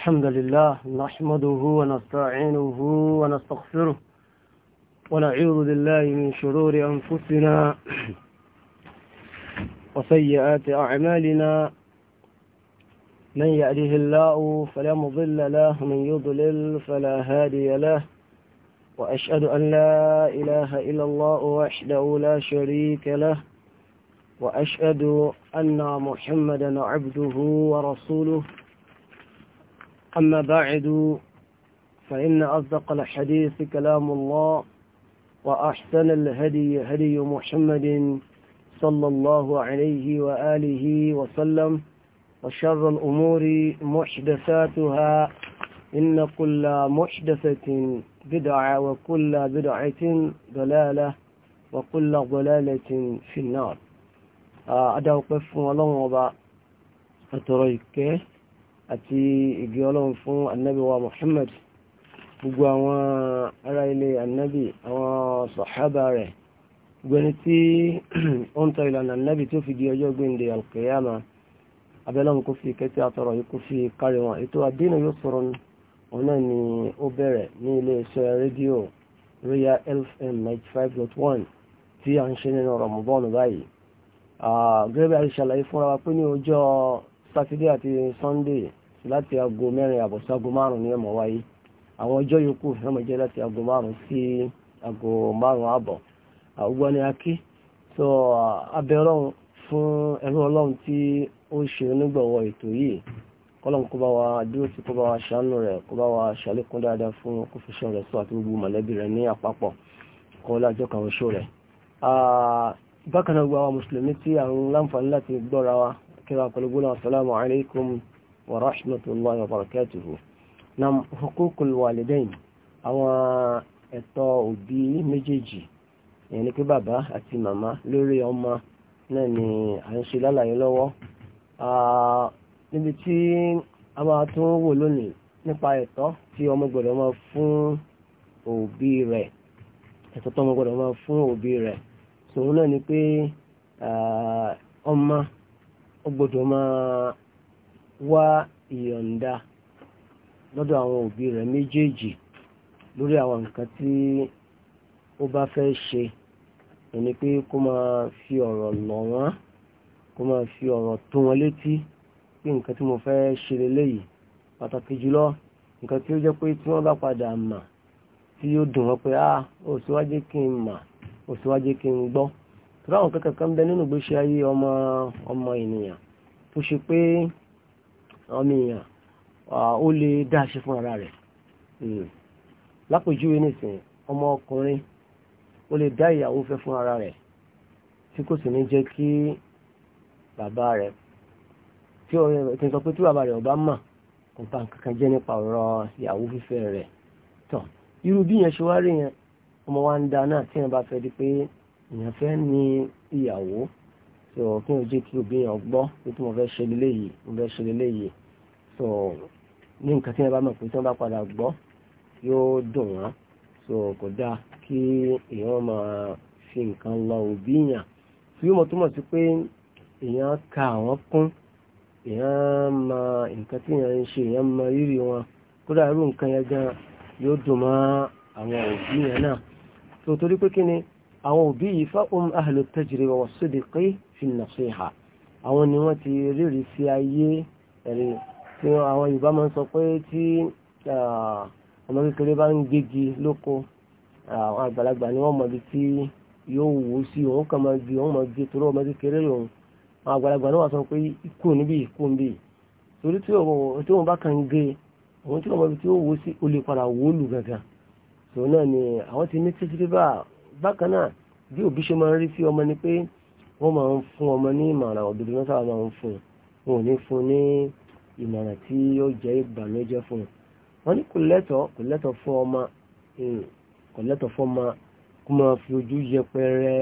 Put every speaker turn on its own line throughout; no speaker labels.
الحمد لله نحمده ونستعينه ونستغفره ونعوذ بالله من شرور أنفسنا وسيئات أعمالنا من يأله الله فلا مضل له من يضلل فلا هادي له وأشهد أن لا إله إلا الله وحده لا شريك له وأشهد أن محمدا عبده ورسوله أما بعد فإن أصدق الحديث كلام الله وأحسن الهدي هدي محمد صلى الله عليه وآله وسلم وشر الأمور محدثاتها إن كل محدثة بدعة وكل بدعة ضلالة وكل ضلالة في النار آه، أدعو قف ولن وضع أتريك àti ìgbé ọlọ́run fún anabi wa muhammad gbogbo àwọn ará ilé anabi àwọn sọ̀hábà rẹ̀ gbẹni tí ó ń tọ́ ìlànà anabi tó fi di ọjọ́ gbẹ̀ǹde alkiyama abẹ́lọ́run kò fi kẹ́tí àtọ̀rọ̀ yìí kò fi kárí wọn ètò àdínà yóò sọ̀rọ̀ òun náà ni ó bẹ̀rẹ̀ ní ilé iṣẹ́ rédíò royal fm ninety five dot one tí a ń ṣe nínú Ramadan báyìí gẹ́gẹ́ bí a ṣe ṣàlàyé fúnra wa pé ní ọjọ́ sátidé àti sunday láti aago mẹ́rin àbọ̀ sí aago márùn-ún ní ẹ̀mọ́ wáyé àwọn ọjọ́ yòókù náà máa jẹ́ láti aago márùn-ún sí aago márùn-ún àbọ̀ àwùgbọ́ ni a kí tó abẹ́ ọlọ́run fún ẹrú ọlọ́run tí ó ṣe onígbọ̀wọ́ ètò yìí kọ́lọ́n kó bá wa dúró tí kó bá wa ṣàánú rẹ̀ kó bá wa ṣàlékún dáadáa fún kó rẹ̀ sọ àti gbogbo mọ̀lẹ́bí rẹ̀ ní àpapọ̀ kọ́ lájọ́ kan oṣù rẹ̀ bákan náà gbogbo àwọn mùsùlùmí tí àwọn láǹfààní láti gbọ́ra wa kíra pẹ̀lú gbọ́nà assalamu alaikum ورحمة الله وبركاته نعم حقوق الوالدين أو الطاعة بي مجيجي يعني كي أتي ماما لوري أما ناني أنشي لالا يلوو níbi tí a máa tún wò lónìí nípa ẹ̀tọ́ tí ọmọ gbọ́dọ̀ fún òbí rẹ̀ ẹ̀tọ́ tọ́mọ gbọ́dọ̀ máa fún òbí rẹ̀ sòun náà ni pé wá ìyọ̀ǹda lọ́dọ̀ àwọn òbí rẹ̀ méjèèjì lórí àwọn nǹkan tí ó bá fẹ́ ṣe ẹni pé kó máa fi ọ̀rọ̀ lọ̀ wọ́n kó máa fi ọ̀rọ̀ tó wọn létí pé nǹkan tí mo fẹ́ ṣe lélẹ́yìí pàtàkì jùlọ nǹkan tí ó jẹ́ pé tí wọ́n bá padà mà tí ó dùn wọ́n pé ah ó sì wá jẹ́ kí n mà ó sì wá jẹ́ kí n gbọ́ tó láwọn kankan bẹ nínú ìgbésí ayé ọmọ ọmọ ènìyàn tó ṣe pé ọmọ èèyàn ó lè dáṣe fún ara rẹ̀ hmm. lápòjúwe nìsín ọmọ ọkùnrin ó lè dá ìyàwó fẹ́ fún ara rẹ̀ tí kò sì ní jẹ́ kí bàbá rẹ̀ tí ọ̀rẹ́ rẹ̀ tí ń sọ pé tí bàbá rẹ̀ ọba mà kò bá nǹkan jẹ́ nípa ọ̀rọ̀ ìyàwó fífẹ́ rẹ̀ tán irú bí yẹn ṣe wá rí yẹn ọmọ wa ń da náà tí yẹn bá fẹ́ di pé èèyàn fẹ́ ní ìyàwó tí ò kí n jẹ́ kí òbí yẹn gbọ́ pé tí mo fẹ́ ṣe lélẹ́yìí mo fẹ́ ṣe lélẹ́yìí so ní nǹkan tí wọ́n bá mọ̀ pé tí wọ́n so kò dáa kí èèyàn máa fi nǹkan lọ òbí yàn motu mọ̀ túmọ̀ sí pé èèyàn ka àwọn kún èèyàn mọ nǹkan tí èèyàn ń ṣe èèyàn mọ rírì wọn kódà irú nǹkan yẹn gan yóò dùn mọ́ àwọn òbí yẹn náà tó torí pé kí ni àwọn òbí yìí fáwọn um fi àwọn ni wọ́n ti rírì sí ayé tí àwọn Yorùbá máa ń sọ pé tí ọmọ kékeré bá ń gégi lóko àwọn àgbàlagbà ni wọ́n mọ ibi tí yóò wò ó sí òun kàn máa gbé òun máa gbé torí ọmọ kékeré lòun àwọn àgbàlagbà náà wà sọ pé ikú níbi ikú níbi torí tí òun bá kàn ń gé òun tí ọmọ ibi tí ó wò ó sí ó padà wò ó lù gàgàn tòun náà ni àwọn ti ní títí bá bákan náà bí òbí ṣe máa ń rí sí ọmọ ni pé wọ́n máa ń fún ọmọ ní ìmọ̀ràn ìmọ̀ràn tí yóò jẹ́ ìbànújẹ́ fún un wọ́n ní kò lẹ́tọ̀ọ́ kò lẹ́tọ̀ọ́ fún ọmọ hmm, kò lẹ́tọ̀ọ́ fún ọmọ kó máa fi ojú yẹpẹrẹ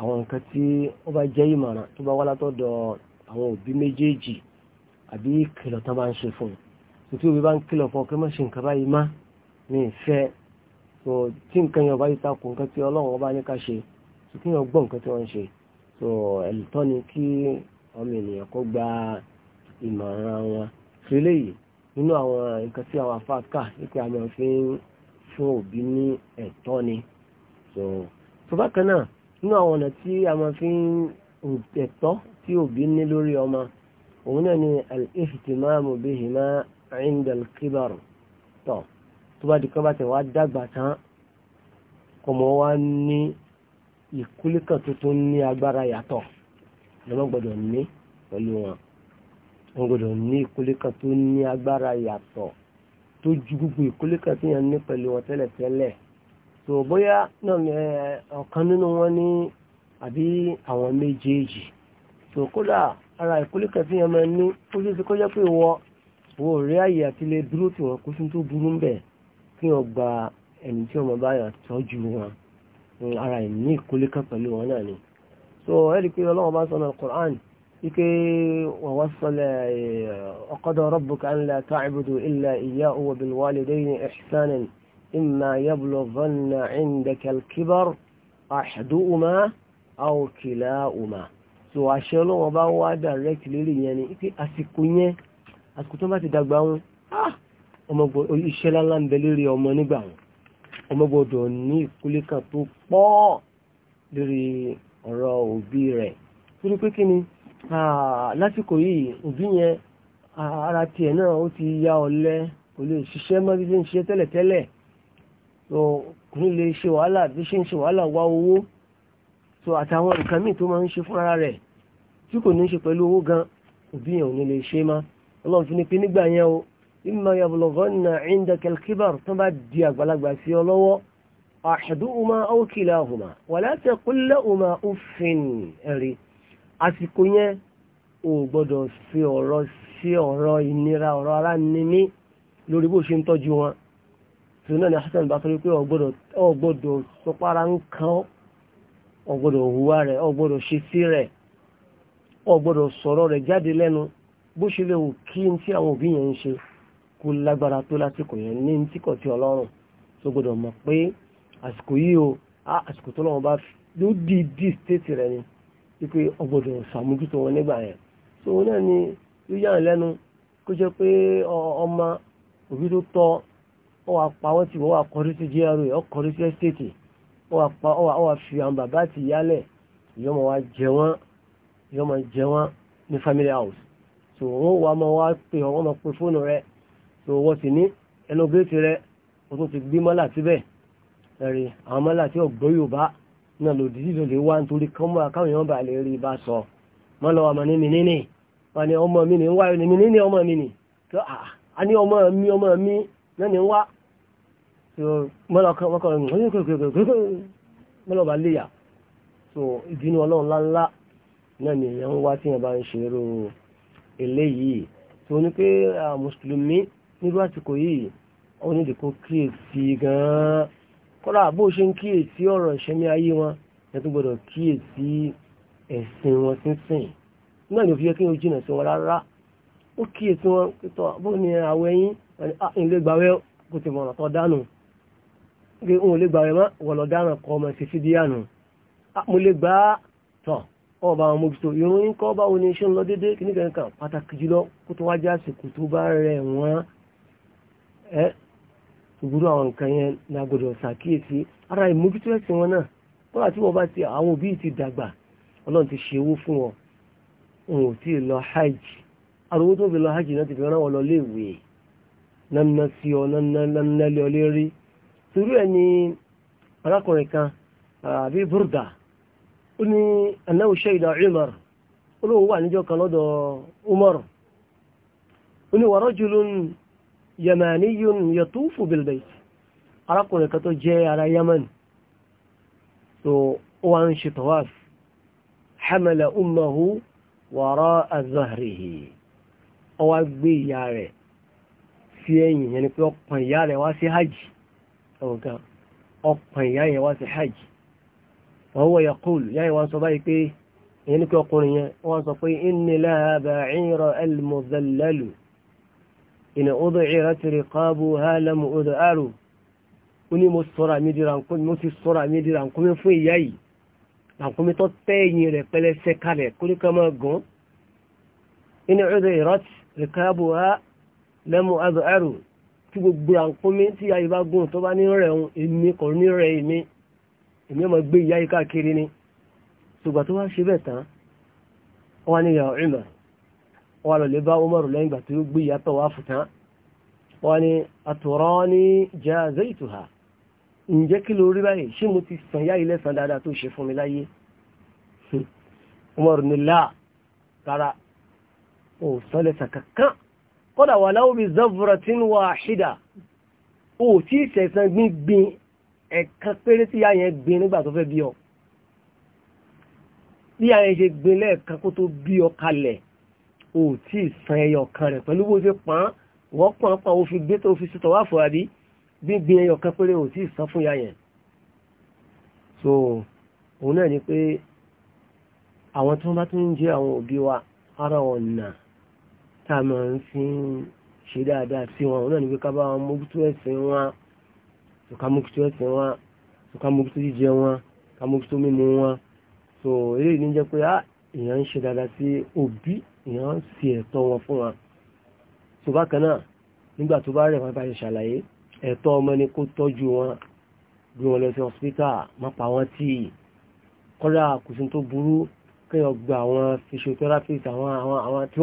àwọn nǹkan tí ó bá jẹ́ ìmọ̀ràn tó bá wá látọ̀dọ̀ àwọn òbí méjèèjì àbí ìkìlọ̀ tó bá ń ṣe fún un tí òbí bá ń kìlọ̀ fún ọ kí má ṣe nǹkan báyìí má ní ìfẹ́ so tí nǹkan yẹn ọba yìí takò nǹkan tí ọlọ́run ọba ní ká ṣe so kí yẹn gbọ́ nǹkan tí wọ́n ń ṣe so ẹ̀lùtọ́ ni kí ọmọ ènìyàn kó gba ìmọ̀ràn wọn ṣe léyìí nínú àwọn nǹkan tí àwọn afáàkà wípé a máa fi ń fún òbí ní ẹ̀tọ́ ni tó bákan náà nínú àwọn ọ̀nà tí a máa fi ń ẹ̀tọ́ tí òbí ní lórí ọmọ òun náà ni al bihima inda al-kibar tọ̀ tó bá di kan bá tẹ̀ wá dàgbà tán ọmọ wa ní ìkúlíkà tuntun ní agbára yàtọ̀ lọ́mọ gbọ́dọ̀ ní pẹ̀lú wọn wọ́n ni ní ìkólé kan tó ní agbára yàtọ̀ tó ju gbogbo ìkólé kan tó yàn ní pẹ̀lú wọn tẹ́lẹ̀tẹ́lẹ̀ tó bóyá náà ọ̀kan nínú wọn ní àbí àwọn méjèèjì tó kódà ara ìkólé kan tó yàn máa ní ó ṣe é ṣe kó jẹ́ pé wọ wo rí àyè àti lè dúró tí wọn kó sí tó burú ń bẹ̀ kí wọ́n gba ẹni tí wọ́n bá yàn tọ́jú wọn ara ìní ìkólé kan pẹ̀lú wọn náà ni so ẹ̀rí pé ọlọ́wọ́n bá sọ náà Qur'an ike wàwásọlẹ̀ ọ̀kọ́dọ̀ rọ́bùkà ńlá ta'budu illa iyyahu wa bil walidayni ihsanan imma yablughanna indaka al-kibar ahaduhuma aw kilahuma so àṣẹ ọlọ́wọ́n bá ń wá direct lérí yẹn ni pé àsìkò yẹn àsìkò tó bá ti dàgbà wọn ah, ọmọgbọ iṣẹ́ láńlá ń bẹ ọmọ nígbà wọn ọmọgbọdọ̀ ní ìkúlé kan tó pọ̀ lérí ọ̀rọ̀ òbí rẹ̀ torí pé kí ni lásìkò yìí òbí yẹn ara tiẹ̀ náà ó ti ya ọ̀lẹ kò lè ṣiṣẹ́ mọ́ bí ṣe ń ṣe tẹ́lẹ̀tẹ́lẹ̀ tó kò ní lè ṣe wàhálà bí ṣe ń ṣe wàhálà wá owó tó àtàwọn nǹkan míì tó máa ń ṣe fúnra rẹ̀ tí kò ní ṣe pẹ̀lú owó gan òbí yẹn ò ní lè ṣe má ọlọ́run fi ni pé nígbà yẹn o imma yablughanna indaka al-kibar tó bá di àgbàlagbà sí ọ lọ́wọ́ ahaduhuma aw kilahuma wala taqul lahuma uffin ẹ̀rí àsìkò yẹn ò gbọ́dọ̀ fi ọ̀rọ̀ sí ọ̀rọ̀ ìnira ọ̀rọ̀ ara níní lórí bó ṣe ń tọ́jú wọn tó náà ni Hasan bá torí pé ò gbọ́dọ̀ sọpára ń kan ò gbọ́dọ̀ hùwà rẹ̀ ò gbọ́dọ̀ ṣe sí rẹ̀ ò gbọ́dọ̀ sọ̀rọ̀ rẹ̀ jáde lẹ́nu bó ṣe lè wù kí n tí àwọn òbí yẹn ń ṣe kó lágbára tó lásìkò yẹn ní tí kò tí ọlọ́run tó gbọ́dọ̀ mọ̀ pé àsìkò yìí o àsìkò tó lọ́wọ́ bá ló stéètì rẹ̀ ni wípé ọgbọ́dọ̀ ṣàmójútó wọn nígbà yẹn so òun náà ni yíyá ẹ̀ lẹ́nu kó jẹ́ pé ọmọ òbí tó tọ́ ọ wà pa wọ́n ti wọ́n wà kọrí sí gra ọ kọrí sí ẹ́stéètì ọ wà pa ọ wà fi àwọn bàbá àti ìyálẹ̀ ìyọ́mọ wa jẹ wọ́n ìyọ́mọ jẹ wọ́n ní family house so wọ́n wà máa wá pè ọ́ wọ́n máa pe fóònù rẹ̀ so wọ́n sì ní ẹnu bẹ́ẹ̀ ti rẹ̀ wọ́n tún ti gbé mọ́là síbẹ̀ ẹ̀rí àwọn mọ́là tí ọ̀gbọ́n Yorùbá náà lòdì sí lòdì wá nítorí kọ́mọ́ àkáwọn èèyàn bá lè rí i bá sọ mọ́ lọ́wọ́ ọmọ ní mi níní wọ́n ní ọmọ mi ní wá ní mi níní ọmọ mi nì tó à ní ọmọ mi ọmọ mi náà ní wá mọ́ lọ́wọ́ bá léyà so ìdínú ọlọ́run láńlá náà ni èèyàn ń wá tí èèyàn bá ń ṣe irú eléyìí tó ní pé mùsùlùmí nírú àsìkò yìí ó ní ìdíkó kíyèsí gan-an kọ́lá bó ṣe ń kíyèsí ọ̀rọ̀ ìṣẹ́mi ayé wọn ẹ tún gbọ́dọ̀ kíyèsí ẹ̀sìn wọn sínsìn nígbà tí ó fi yẹ kí n jìnà sí wọn rárá ó kíyèsí wọn pẹ̀tọ́ bó ni àwọ̀ ẹ̀yìn ilé ah, gbàwẹ́ kò ti mọ̀ràn tó dánù pé òun lè gbàwẹ́ mọ́ wọ̀ lọ dáràn kọ́ ọmọ sí fídíànù ah, mo lè gbà á tọ̀ ọba àwọn mojútó irun kọ́ báwo ni iṣẹ́ ń lọ dédé kí pàtàkì jùlọ kó tó wájú àsìkò tó bá rẹ̀ wọ́n gbogbo àwọn nǹkan yẹn ní agbọ́dọ̀ ṣàkíyèsí ara ìmójútó ẹ̀sìn wọn náà kọ́lá tí wọ́n bá ti àwọn òbí ti dàgbà ọlọ́run ti ṣe owó fún wọn òun ò tí ì lọ hajj arówó tó fi lọ hajj náà ti fi rán wọn lọ léèwé nánà sí ọ nánà lé ọ lérí torí ẹ ní arákùnrin kan àbí burda ó ní anáwó ṣẹ́yìdá Umar olóhùn wà níjọ́ kan lọ́dọ̀ Umar ó ní wàrọ́jùlún yamaniyun yatufu bilbayt arákùnrin kan tó jẹ́ ara yaman so ó wá ń ṣe tawaf hamala ummahu wàrá azahrihi ó wá gbé ìyá rẹ̀ sí ẹ̀yìn yẹn ni pé ọ̀pọ̀ ìyá rẹ̀ wá sí hajj ọ̀gá ọ̀pọ̀ ìyá yẹn wá sí hajj wọ́n wọ́n yaqul ìyá yẹn wá sọ báyìí pé ìyẹn ni ọkùnrin yẹn wọ́n sọ pé inni laha ba'ira al-mudhallalu ìnà ọdọ̀ ìrà ti rí káàbù hálàmù ọdọ̀ àrò ó ní mo sọ́ra mi di rànkúmi mo ti sọ́ra mi di rànkúmi fún ìyá yìí rànkúmi tó tẹ́ ẹ̀yìn rẹ̀ pẹlẹsẹ kalẹ̀ kóríkà máa gùn ìnà ọdọ̀ ìrà ti rí káàbù hálàmù ọdọ̀ àrò tí gbogbo rànkúmi tí ìyá yìí bá gùn tó bá ní rẹ̀ èmi kò ní rẹ̀ èmi èmi ọmọ gbé ìyá yìí káàkiri ni ṣùgbọ́n tó wá ṣe bẹ́ẹ̀ tán wọ́n á ní ìyá ọ̀rìnmọ̀ wọ́n lọ lè bá Umaru lẹ́yìn ìgbà tí ó gbé ìyàtọ̀ wá fùtán wọ́n ni àtùránì jazaituha ǹjẹ́ kí ló rí báyìí ṣé mo ti sàn yá ilẹ̀ sàn dáadáa tó ṣe fún mi láyé Umaru ni láà rárá ò sọ́lẹ̀ sàn kankan wà láwọ́ bí zavratin wahida ò tí ì sẹ̀sán gbígbin ẹ̀kan péré tí yáyẹn gbin nígbà tó fẹ́ bí ọ bí yáyẹn ṣe gbin lẹ́ẹ̀kan kó tó bí ọ kalẹ̀ o tí ì san ẹyọ kan rẹ̀ pẹ̀lú bó ṣe pọ́n wọ́n pọ́n pọ́n o fi gbé tó fi sítọ̀ wá fọ́ àbí gbígbé ẹyọ kan péré o tí ì fún ya yẹn so òun náà ni pé àwọn tí wọ́n bá tún ń jẹ́ àwọn òbí wa ara ọ̀nà tá a máa ń fi ń ṣe dáadáa sí wọn òun náà ni pé ká bá wọn mójútó ẹ̀sìn wọn ká mójútó ẹ̀sìn wọn ká mójútó jíjẹ wọn ká mójútó mímu wọn so eléyìí ní jẹ́ pé ah, èèyàn ń ṣe dáadáa sí òbí èèyàn sì ẹ̀tọ́ wọn fún wa tó bá kan náà nígbà tó bá rẹ̀ wọn bá ṣe ṣàlàyé ẹ̀tọ́ ọmọ ni kó tọ́jú wọn bí wọn lọ sí ọ̀sìpítà má pa wọn tí kọ́dà kò sí tó burú kéèyàn gba àwọn physiotherapist àwọn àwọn àwọn tí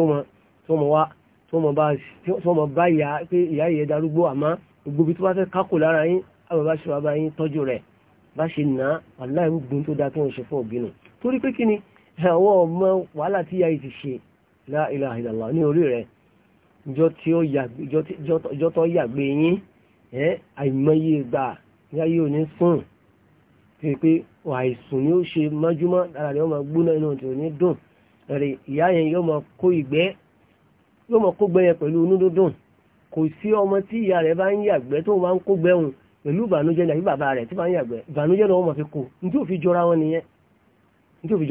wọ́n mọ wá tí wọ́n mọ bá ìyá pé ìyá ìyẹn darúgbó àmọ́ gbogbo ibi tó bá fẹ́ kákò lára yín àwọn bá ṣe wà bá yín tọ́jú rẹ̀ bá ṣe nà á aláìwúgbìn tó dáa tó ń ṣe fún òbí nù torí pé kí ni àwọn ọmọ wàhálà tí ìyá yìí ti ṣe la ilaha illallah ní orí rẹ̀ ìjọ tó yàgbé yín ẹ́ àìmọye ìgbà ní ayé òní sùn tí ya ni ó ṣe mọ́júmọ́ dára rẹ̀ ọmọ gbóná inú tí ò ní dùn rẹ̀ ìyá yẹn yóò mọ kó ìgbẹ́ yóò mọ kó gbẹ́yẹn pẹ̀lú inú dúndùn kò ọmọ tí ìyá rẹ̀ bá ń yàgbẹ́ tó máa ń kó gbẹ́hùn pẹ̀lú ìbànújẹ́ ní àbí bàbá rẹ̀ tí bá fi kó ní fi jọra wọn nìyẹn fi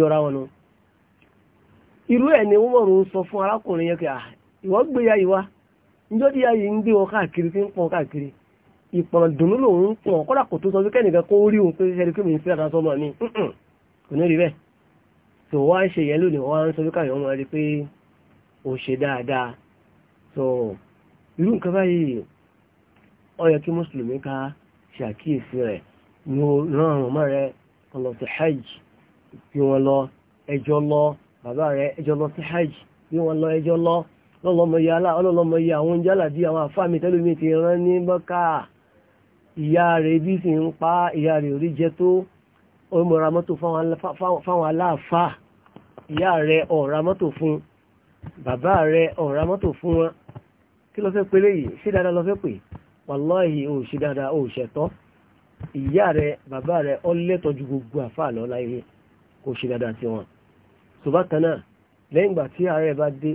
irú ẹ̀ ni wọ́n n sọ fún arákùnrin yẹn kí à ah, ìwọ́ gbé ya iwa njọ di ya yìí ń gbé wọn káàkiri tí ń pọn káàkiri ìpọ̀n dùnú lòun ń pọn kọ́dà kò tó sọ pé kẹ́nìkan kó rí òun pé ṣẹ́ni kí mi fi àtàsọ mọ̀ ni kò ní rí bẹ́ẹ̀ tó wá ń ṣe yẹn lónìí wọ́n á ń sọ pé káyọ̀ wọn rí pé ó ṣe dáadáa tó irú nǹkan báyìí kí mùsùlùmí ká ṣàkíyèsí ní hajj bí lọ lọ bàbá rẹ̀ ẹjọ́ lọ sí hajj bí wọ́n lọ ẹjọ́ lọ lọ́lọ́mọye ọlọ́lọ́mọye àwọn jálàbí àwọn àfáàmì tẹ́lómi ti rán ní bọ́kà ìyá rẹ̀ bí sì ń pa ìyá rẹ̀ orí jẹ tó fáwọn aláàfà ìyá rẹ̀ fún bàbá rẹ̀ fún wọn kí ló pé léyìí ṣé dáadáa lọ fẹ́ wàláhì ò ṣe dáadáa ò ṣẹ̀tọ́ ìyá rẹ̀ bàbá rẹ̀ gbogbo àfáà tó bá kan náà lẹ́yìn ìgbà tí ààrẹ bá dé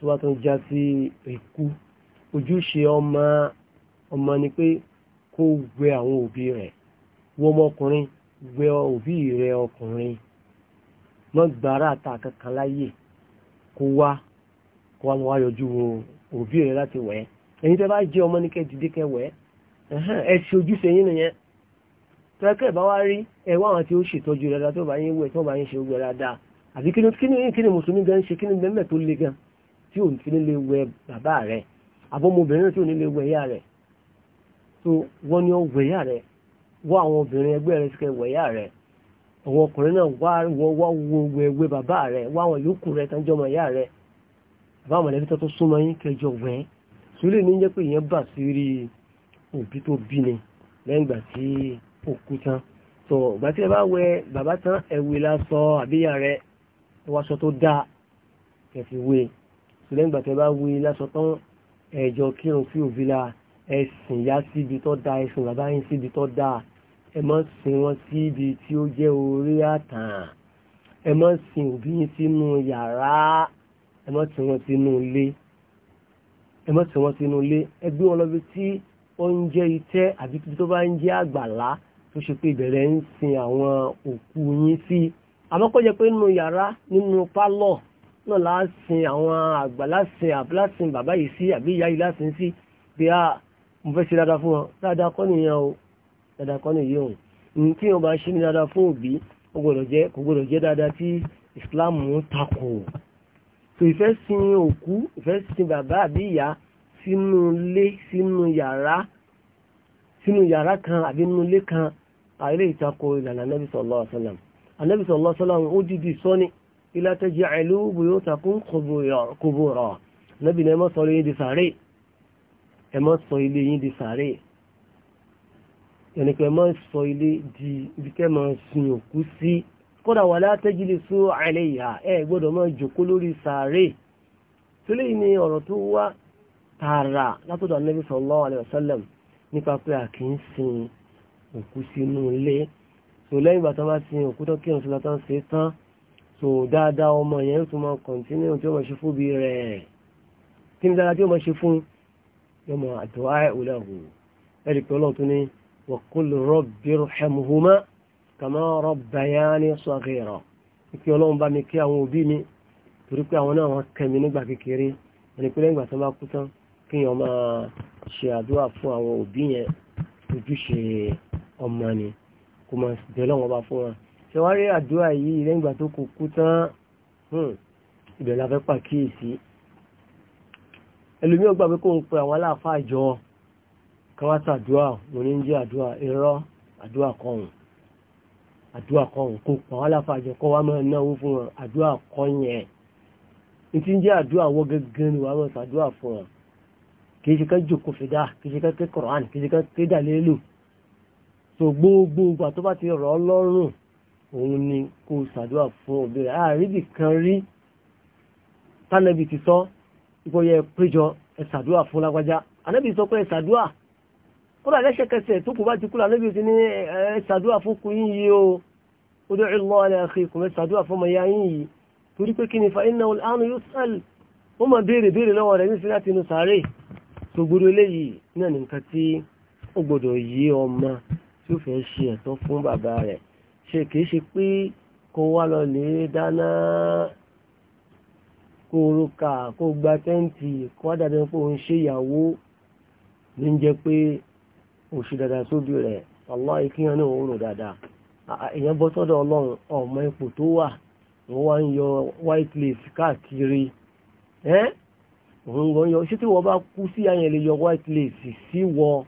tó bá tún já sí ikú ojúṣe ọmọ ọmọ ni pé kó wẹ àwọn òbí rẹ̀ wọ ọmọkùnrin wẹ òbí rẹ̀ ọkùnrin mọ́ gbàrà àta kankan láyè kó wá kó wá wá yọjú òbí rẹ̀ láti wẹ̀ ẹ̀yin tẹ́ bá jẹ́ ọmọ ní kẹ́ dìde kẹ́ wẹ̀ ẹ ṣe ojúṣe yín nìyẹn tẹ́kẹ́ bá wá rí ẹ̀wọ́ àwọn tí ó ṣètọ́jú rẹ̀ tó bá yín wẹ̀ tó bá yín ṣe gbẹ̀ dáadáa àbí kí ni kí ni kí ni mùsùlùmí gan ṣe kí ni bẹ́ẹ̀ tó le gan tí ò fi ní lè wẹ bàbá rẹ̀ àbọ̀mọbìnrin tí ò ní lè wẹ ìyá rẹ̀ tó wọ́n ní ọ wẹ ìyá rẹ̀ wọ́n àwọn obìnrin ẹgbẹ́ rẹ̀ síkẹ́ wẹ ìyá rẹ̀ àwọn ọkùnrin náà wá wọ́ wo wẹ̀wẹ̀ bàbá rẹ̀ wá àwọn yòókù rẹ̀ tán jọmọ ìyá rẹ̀ bàbá mọ̀lẹ́bí tó súnmọ́ yín kẹjọ wẹ̀ sùúrù ní jẹ́ pé ìyẹn bà sí rí òbí tó bí ni lẹ́yìn ìgbà tí ó kú tán tó ìgbà tí ẹ bá wẹ bàbá tán ẹ̀wì lásọ àbíyá rẹ̀ ìwàṣọ tó dáa kẹfì wé ṣùlẹ́gbà tẹ bá wé lásọ tán ẹ̀jọ kírun sí òvìlà ẹ̀sìn yá síbi tó dáa ẹ̀sìn bàbá yín síbi tó dáa ẹ má sin wọn síbi tí ó jẹ́ orí àtàn ẹ má sin òbí yín sínú yàrá ẹ má sin wọn sínú ilé ẹ má sin wọn sínú ilé ẹ gbé wọn lọ tí ó itẹ́ àbí tó bá ń jẹ́ àgbàlá tó ṣe pé ìbẹ̀rẹ̀ ń sin àwọn òkú yín sí. Si àmọ́ kó jẹ́ pé nínú yàrá nínú pálọ̀ náà láàsìn àwọn àgbà láàsìn àbí láàsìn bàbá yìí sí àbí ìyá yìí láàsìn sí bí a mo fẹ́ ṣe dáadáa fún wọn dáadáa kọ́ nìyẹn o dáadáa kọ́ nìyẹn o ní tí wọn bá ṣe ní dáadáa fún òbí kò gbọdọ̀ jẹ́ dáadáa tí Islam ń takò so ìfẹ́ sin òkú ìfẹ́ sin bàbá àbí ìyá sínú ilé sínú yàrá sínú yàrá kan àbí nínú ilé kan àìlè ìtakò ìlànà Nabi sallallahu alaihi anábì sallallahu alaihi wasallam ó dìdì sọ́ni ilá taj'alu buyutakum qubura anábì ní ẹ má sọ ilé yín di sàárè ẹ má sọ ilé yín di sàárè ẹnìkan ẹ má sọ ilé di ibi tẹ́ máa sin òkú sí kódà wala tajlisu alayha ẹ gbọ́dọ̀ máa jòkó lórí sàárè tó lè ní ọ̀rọ̀ tó wá tààrà látọ̀dọ̀ anábì sallallahu alaihi wasallam nípa pé a kì í sin òkú sínú ilé so lẹ́yìn ìgbà tó bá ti òkú tó kírun sílá tán ṣe tán so dáadáa ọmọ yẹn tó máa kọ̀ntínú tí ó máa ṣe fún bí rẹ̀ kí ni dáadáa tí ó máa ṣe fún yóò máa àdúrà ìwòlẹ̀ ọ̀hún ẹ̀rì pé ọlọ́run tó ní wa qul rabbi irhamhuma kama rabbayani saghira ìpè ọlọ́run bá mi kí àwọn òbí mi torí pé àwọn náà wọ́n nígbà kékeré ẹni ọmọ ni kó máa bẹ̀ lọ́wọ́ bá fún wọn ṣe wá rí àdúrà yìí lẹ́yìn ìgbà tó kò kú tán hmm. ibẹ̀ la fẹ́ pàkíyèsí ẹlòmí ọgbà pé kó ń pe àwọn aláàfáà jọ káwátà àdúrà mo ní ń jẹ́ àdúrà irọ́ àdúrà kọ̀ọ̀hún àdúrà kọ̀ọ̀hún kó pa àwọn aláàfáà jọ kọ́ wá máa náwó fún wọn àdúrà kọ́ yẹn ní ti ń jẹ́ àdúrà wọ́n gẹ́gẹ́ ni wàá máa ṣàdúrà fún wọn kì í ṣe ká jòkó fìdá kì í ṣe ká ké kọ̀rọ̀ so gbogbo ìgbà tó bá ti rọ̀ ọ́ lọ́rùn òun ni kò ṣàdúrà fún òbí rẹ̀ àríbì kan rí tánẹ́bì ti sọ ìgbọ́yẹ péjọ ẹ ṣàdúrà fún lágbájá ànẹ́bì sọ pé ẹ ṣàdúrà kódà lẹ́sẹ̀kẹsẹ̀ tó kù bá ti kúrò ànẹ́bì ti ní ẹ ṣàdúrà fún kù yín yìí o ó dé ìlọ alẹ́ àfi kò mẹ́ fún ọmọ yín yìí torí pé kí ni fa iná àánú yóò sẹ́l ó mọ̀ béèrè béèrè lọ́wọ́ rẹ̀ nísìnyí láti inú sàárè ṣògbóró eléyìí náà nìkan tí ó gbọ́dọ̀ yí ọmọ tí ó fẹ́ ṣe ẹ̀tọ́ fún bàbá rẹ̀ ṣe kìí ṣe pé kó wá lọ lè dáná kó orúkà kó gba tẹ́ǹtì kó wá dàbí pé òun ṣe ìyàwó ní jẹ́ pé òṣì dáadáa sóbì rẹ̀ ọlọ́ ìkíyàn náà ó rò dáadáa èèyàn bọ́ sọ́dọ̀ ọlọ́run ọmọ ipò tó wà wọ́n wá ń yọ white lace káàkiri ẹ́ òun gbọ́n yọ ṣé tí wọ́n bá kú sí ayẹyẹ lè yọ white lace sí wọ́n.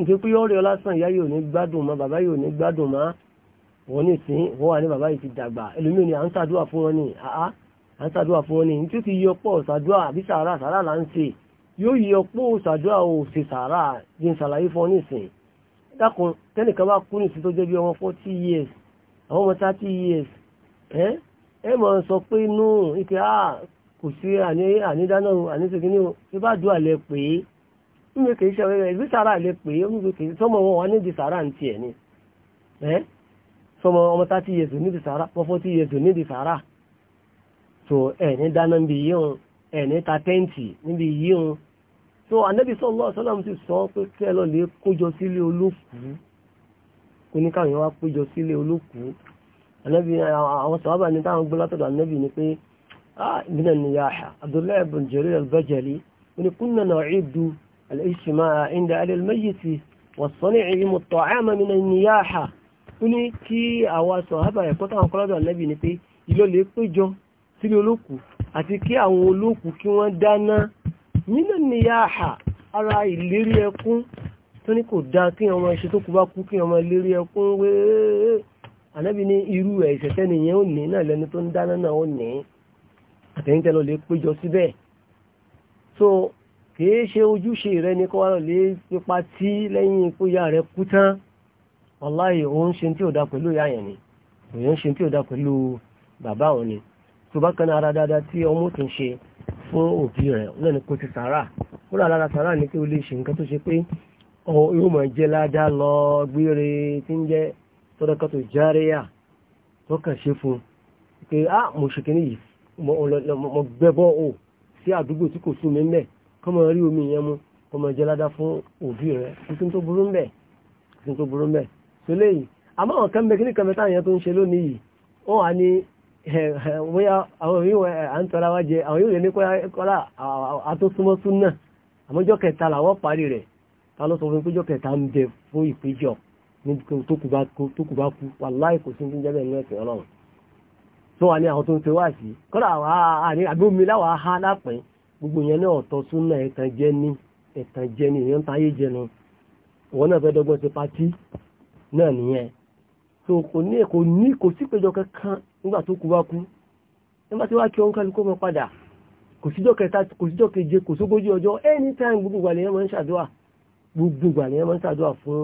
nke pé yọ́ọ̀rẹ́ ọ lásán ìyá yóò ní gbádùn mọ́ bàbá yóò ní gbádùn mọ́ wọ́n ní sìn wọ́n wà ní bàbá yìí ti dàgbà ẹlòmíràn ni à ń ṣàdúrà fún wọn ni àá à ń ṣàdúrà fún wọn ni ní tí ó ti yọ pọ̀ ṣàdúrà àbí sàárà sàárà là ń ṣe yóò yọ pọ̀ ṣàdúrà ò ṣe sàárà jẹ́ ń ṣàlàyé fún ọ ní ìsìn dákun tẹ́nìkan bá kú nìsín tó jẹ́ bí ọmọ forty years àwọn ọmọ thirty years ẹ ẹ mọ̀ ń sọ pé nù ìpè à kò sí àní ànídáná àníṣègínní ìbádùn àlẹ́ pé níbi kìí ṣe ọ̀rẹ́ ìlú sàrà lè pè é níbi kìí sọmọ wọn wà níbi sàrà ń tiẹ̀ ni ẹ́ sọmọ ọmọ tá ti yẹsùn níbi sàrà pọ́fọ́ ti yẹsùn níbi sàrà tó ẹ̀ní dáná níbi yíhun ẹ̀ní ta tẹ́ǹtì níbi yíhun tó ànábì sallallahu alaihi wasallam ti sọ pé kí ẹ lọ lè kójọ sílé olókùú kò ní káwọn wá péjọ sílé olókùú ànábì àwọn sàhábà ní táwọn gbọ́ látọ̀dọ̀ ànábì ni pé ah ìbínà ni yáa Abdullahi ibn Jarir ẹ̀ الاجتماع عند أهل الميت والصنيع بهم الطعام من النياحة ó كي kí هذا يقطع ẹ̀kọ́ táwọn النبي ànábì ni pé ilé lè péjọ sílé olóòkú àti kí àwọn olóòkú kí wọ́n dáná nínú níyàhà ara ìlérí ẹkún tó ní kò dáa kí ọmọ ẹṣẹ tó kú bá kú kí ọmọ ìlérí ẹkún wéé ànábì ní irú ẹ̀ ìṣẹ̀tẹ́ nìyẹn ò ní náà lẹ́ni tó ń dáná náà ò ní àtẹ̀yìntẹ́ lọ lè péjọ síbẹ̀ so kìí ṣe ojúṣe rẹ ní kó wá lè pípa tí lẹ́yìn ikú ya rẹ kú tán wàláhì òun ṣe tí ò dá pẹ̀lú ìyá yẹn ni òun ṣe tí ò dá pẹ̀lú bàbá òun ni tó bá kan ara dáadáa tí ọmọ tún ṣe fún òbí rẹ̀ náà ni kò ti sàárà ó rà lára sàárà ní kí o lè ṣe nǹkan tó ṣe pé yóò mọ̀ jẹ́ ládá lọ gbére tí ń jẹ́ tọ́dọ́kọ́ tó járéyà tó kàn ṣe fún pé a ah, mo ṣe kí ní yìí mo gbẹ́bọ́ o sí àdúgbò tí kò sú mi mẹ́ kọ́mọ rí omi yẹn mú kọ́mọ jẹ́ ládá fún òbí rẹ̀ tuntun tó burú mbẹ̀ tuntun tó burú mbẹ̀ tó léyìí àmọ́ àwọn kan bẹ kí ní kan bẹ táwọn yẹn tó ń ṣe lónìí yìí wọ́n wà ní bóyá àwọn yóò à ń tọ́ra wá jẹ àwọn yóò lè ní kọ́lá àtúnṣúmọ́ súnà àmọ́jọ́ kẹta làwọn parí rẹ̀ ta ló sọ fún péjọ kẹta ń bẹ fún ìpéjọ tó kù bá kú wàláì kò sí jẹ́ bẹ́ẹ̀ ní ẹ̀sìn ọlọ́run gbogbo yẹn ní ọ̀tọ̀ súnà ẹ̀tàn jẹ́ ní ẹ̀tàn jẹ́ ní èèyàn táyé jẹnu ìwọ náà fẹ́ dọ́gbọ́n ṣe pátí náà nìyẹn so kò ní kò ní kò sí péjọ kankan nígbà tó kú bá kú nígbà tí wàá kí ọ̀hún kálukú mọ́ padà kò síjọ́ kẹta kò síjọ́ keje kò sógójì ọjọ́ anytime gbogbo ìgbà lèèyàn máa ń ṣàdúrà gbogbo ìgbà lèèyàn máa ń ṣàdúrà fún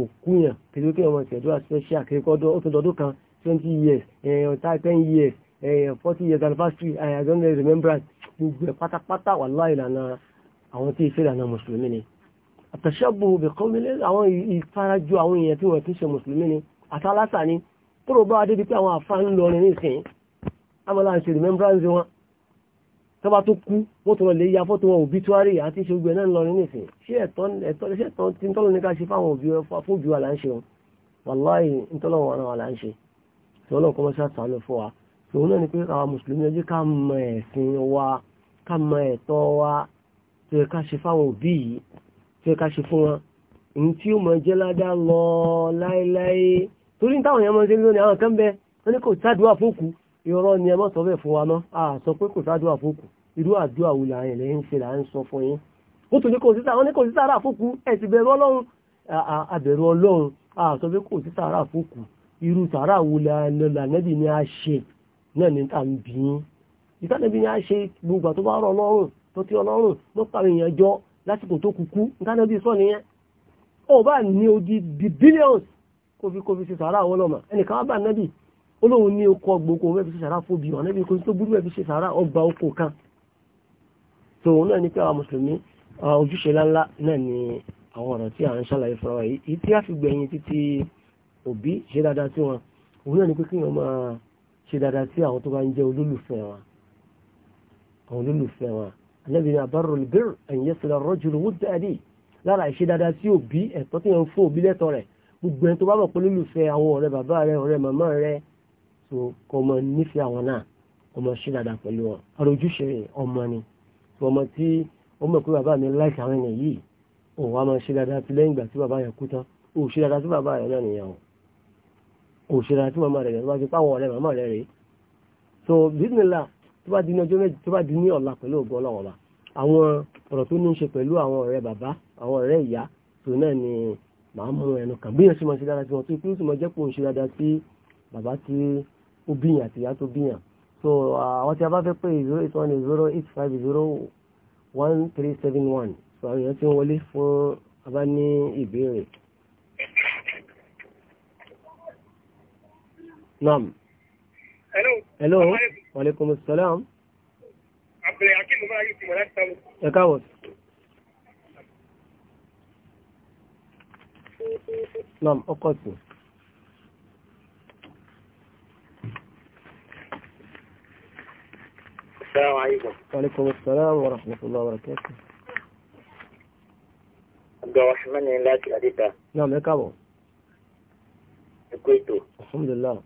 òkú yẹn kìlú kí ọmọ ìṣẹ̀dúrà special kìrìkọ́dọ̀ ó tún kan twenty years ẹ̀ẹ́n eh, ten years ẹ̀ẹ́n eh, forty years anniversary I don't remember gbogbo ẹ̀ pátápátá wà láì lànà àwọn tí ìṣe ìlànà mùsùlùmí ni àtẹ̀ṣẹ́bù bìkọ́mílẹ̀ àwọn ìfarajọ àwọn èèyàn tí wọ́n ti ṣe mùsùlùmí ni àtàlásà ni kúrò bá adé dípé àwọn àfáà ń lọrin nísìnyí amọ́lá ń ṣe remembrance wọn tó bá tó kú wọ́n tó lọ lè ya fọ́tò wọn obituary àti ṣe gbẹ̀ náà lọrin nísìnyí ṣé ẹ̀tọ́ tí ń tọ́lọ́ òun náà ni pé àwọn mùsùlùmí ẹ ká mọ ẹ̀sìn wa ká mọ ẹ̀tọ́ wa tó yẹ ká ṣe fáwọn òbí yìí tó yẹ ká ṣe fún wọn èyí tí ó mọ jẹ́ ládá lọ láéláé torí táwọn èèyàn máa ń lónìí àwọn kan bẹ wọn ní kò sádùá fókù irọ́ ni ẹ má sọ fún wa náà a sọ pé kò sádùá fókù irú àdúrà wo là ń lè ń ṣe là ń sọ fún yín ó tún ní kò sí sára fókù ẹ sì bẹ̀rù ọlọ́run àbẹ̀rù ọlọ́run a sọ pé kò sí sára fókù irú sára wo là ń lọ lànàbì náà ní ta ń bí yín ìtànàbí ni a ṣe gbogbo àtọ́ bá rọ ọlọ́run tó ti ọlọ́run ló pàrọ̀ èèyàn jọ lásìkò tó kúkú ìtànàbí sọ nìyẹn ó bá ní odidi billions kó fi kó fi ṣe sàárà àwọn ọlọ́mà ẹnìkan bá nábì olóhun ní oko ọgbọ̀kọ̀ fẹ́ fi ṣe sàárà fóbi ọ̀nà ibi kò tó burú fẹ́ fi ṣe sàárà ọgbà oko kan tó òun náà ní pé àwọn mùsùlùmí ojúṣe láńlá náà ni àwọn ọ̀rọ̀ tí à ń ṣàlàyé fún wa yìí tí a fi gbẹ̀yìn títí òbí ṣe dáadáa sí wọn òun náà ní pé kí wọ́n máa ṣe dáadáa sí àwọn tó bá ń jẹ́ olólùfẹ́ wọn àwọn olólùfẹ́ wọn alẹ́bí ní abarul bir an yasila rajulu wudda abi lára ìṣe dáadáa sí òbí ẹ̀tọ́ tí wọ́n fún òbí lẹ́tọ̀ rẹ̀ gbogbo ẹni tó bá mọ̀ pé olólùfẹ́ àwọn ọ̀rẹ́ bàbá rẹ̀ ọ̀rẹ́ màmá rẹ̀ tó kọ́ ọmọ nífẹ̀ẹ́ àwọn náà ọmọ ṣe dáadáa pẹ̀lú wọn ara ojúṣe ọmọ ni ọmọ tí ó mọ̀ pé bàbá mi láìsí àwọn ènìyàn yìí òun á máa ṣe dáadáa sí lẹ́yìn ìgbà tí bàbá yẹn kú tán òun ṣe dáadáa sí bàbá yẹn náà nìyẹn kò ṣe ra tí màmá rẹ̀ rẹ̀ tó bá fi páwọn ọ̀rẹ́ màmá rẹ̀ rẹ̀ so bísínílà tó bá di ní ọjọ́ méjì tó bá di ní ọ̀la pẹ̀lú ògbọ́n ọlọ́wọ́ bá àwọn ọ̀rọ̀ tó ní í ṣe pẹ̀lú àwọn ọ̀rẹ́ bàbá àwọn ọ̀rẹ́ ìyá tó náà ni màá mú ẹnu kàn bí yẹn sì máa ṣe dára sí wọn tó ikú sì máa jẹ́ pò ń ṣe dáadáa sí bàbá tí ó bíyàn àti ìyá tó bíyàn so àwọn tí a bá fẹ́ pé zero eight one zero eight five zero one three seven one so àwọn èèyàn ti ń wọlé fún abá ní ìbéèrè Naam. Hello. Hello. Wa alaikum salam. Abdul Hakim Umar Ayub ti wà láti Sáwọ́. Ẹ káwọ̀. Naam, ọkọ̀ sí. Assalamu alaikum. Wa alaikum salam wa rahmatullahi wa barakatuh. Abdulrahman ni láti Adéta. Naam, ẹ káwọ̀. Ẹ kú ètò. Alhamdulillah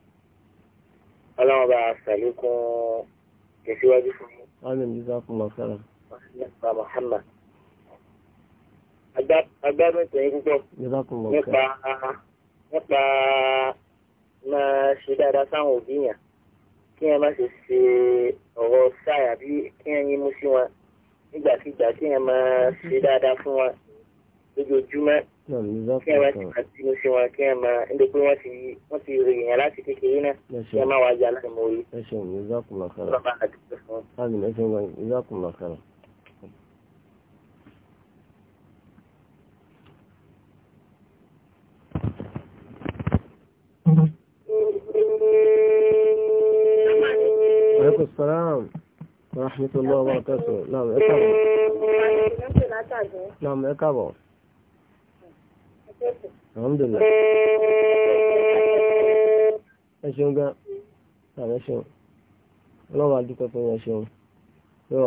ọlọ́run bá ṣàlékún ìṣíwájú fún mi. alim jesus fún ọ̀sára. nípa muhammad agbádùn tẹ̀yìn púpọ̀ nípa nípa máa ṣe dáadáa sáwọn òbí yàn kí ẹ má ṣe ṣe ọ̀rọ̀ sáà àbí kí ẹ yín mú sí wọn nígbàkigbà kí ẹ máa ṣe dáadáa fún wọn lójoojúmọ́ kí ẹ máa ti máa tinú sí wọn kí ẹ máa ń lè pé wọ́n ti wọ́n ti ròyìn ẹ̀ láti kékeré náà kí ẹ máa wá jẹ aláìmọ̀ orí. ẹ ṣeun ní ìzákùnlọ kẹrẹ ẹ ṣeun ní ìzákùnlọ kẹrẹ. Aleykum salaam wa rahmatullahi wa barakatuh. Naam, ẹ káàbọ̀. Naam, ẹ káàbọ̀ alhamdulilah eh. ẹ ṣeun gan àwọn ah, ṣeun ọlọ́run adúpẹ́ fún ẹ ṣeun yọ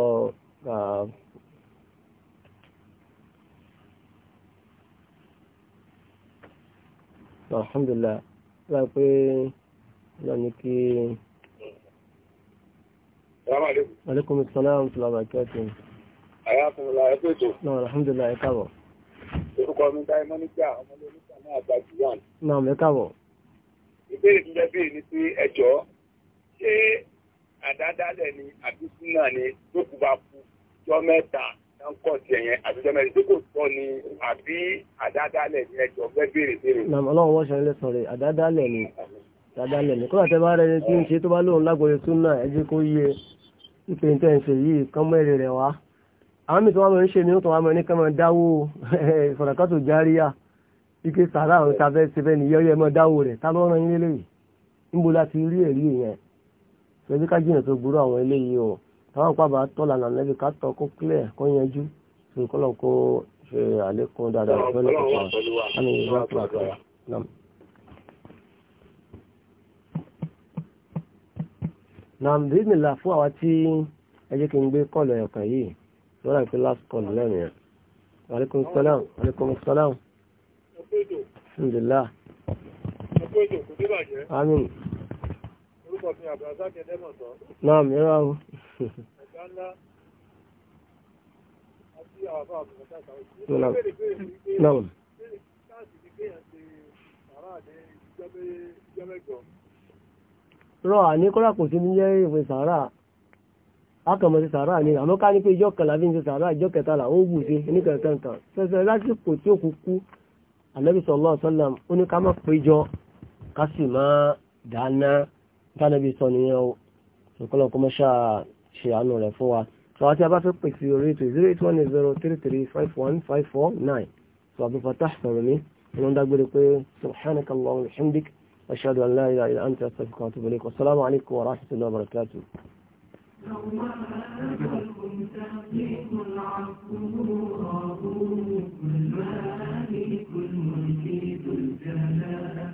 alhamdulilah wọ́n á pé náà ní kí. Salaam alaikum. Alaikum salaam wa rahmatullahi wa barakatuh. Àyàkùn la ẹgbẹ́ orúkọ mi táyé mọ́níjà ọmọlé oníkà náà àgbàjú wàn. náà mi káwọ. ìbéèrè tó fẹ́ béèrè ni pé ẹ̀jọ́ ṣé àdádálẹ̀ ni àbí ni tó kù bá kú jọ mẹ́ta táǹkọ̀ tiẹ̀ yẹn àbí jọ mẹ́ta tó kò tọ́ ni àbí àdádálẹ̀ ni ẹ̀jọ́ fẹ́ béèrè béèrè. náà wọ́n ṣe ń lẹ́sàn àdádálẹ̀ ni àdádálẹ̀ ni kódà tẹ bá rẹ ni tí ń ṣe tó bá lóun lágbóye súnà ẹ jẹ́ kó yẹ ìpèntẹ́ǹṣe e àwọn mìí tó wá mọ̀ ń ṣe ní ó tó wá mọ̀ ní kẹ́mọ̀ dáwó eh, sọ̀rọ̀kátò járíyà ike sàrà àwọn tafẹ́ síbẹ̀ ní yẹ́rí ẹmọ dáwó rẹ̀ tá lọ́rọ̀ yín lélẹ́yìí níbo láti rí ẹ̀rí yẹn ṣẹbi ká jìnà tó burú àwọn eléyìí o táwọn pàbà tọ́lá nà lẹ́bi ká tọ́ kó clear kó fún àwa tí ẹ kí n gbé kọ́ọ̀lù ẹ̀kan yìí lọ́nà pé last call lẹ́nu yẹn. aleykum salaam aleykum salaam. alhamdulilah. amin. orúkọ mi àbúrásá kẹdẹ mọ̀ sọ. náà mìíràn o. ẹ̀ka ńlá àti àwọn àbá àbùkátà kàwé. náà. náà. rọ àní kọ́lá kò sí ní jẹ́ ìwé sàárà akọ̀mọ̀ ti sàárà ni àmọ́ ká ní pé ìjọ kẹlà bí ń ti sàárà ìjọ kẹta là ń wù sí ní kẹ̀kẹ́ǹkan ṣẹ̀ṣẹ̀ lásìkò tí ó kú kú ànábì sallallahu alaihi wasallam ó ní ká má péjọ ká sì má dáná tánàbí sọ nìyẹn o ṣùkọ́lọ̀ kó mọ́ṣá ṣe àánú rẹ̀ fún wa sọ àti abáfẹ́ pè sí orí ètò zero eight one zero three three five one five four nine sọ Abdulfatah sọ̀rọ̀ mi ló dágbére pé subhanakallahumma wa bihamdik ashhadu an la ilaha illa anta astaghfiruka wa atubu ilaik assalamu alaikum wa rahmatullahi wa barakatuh الملك المجيد الجلال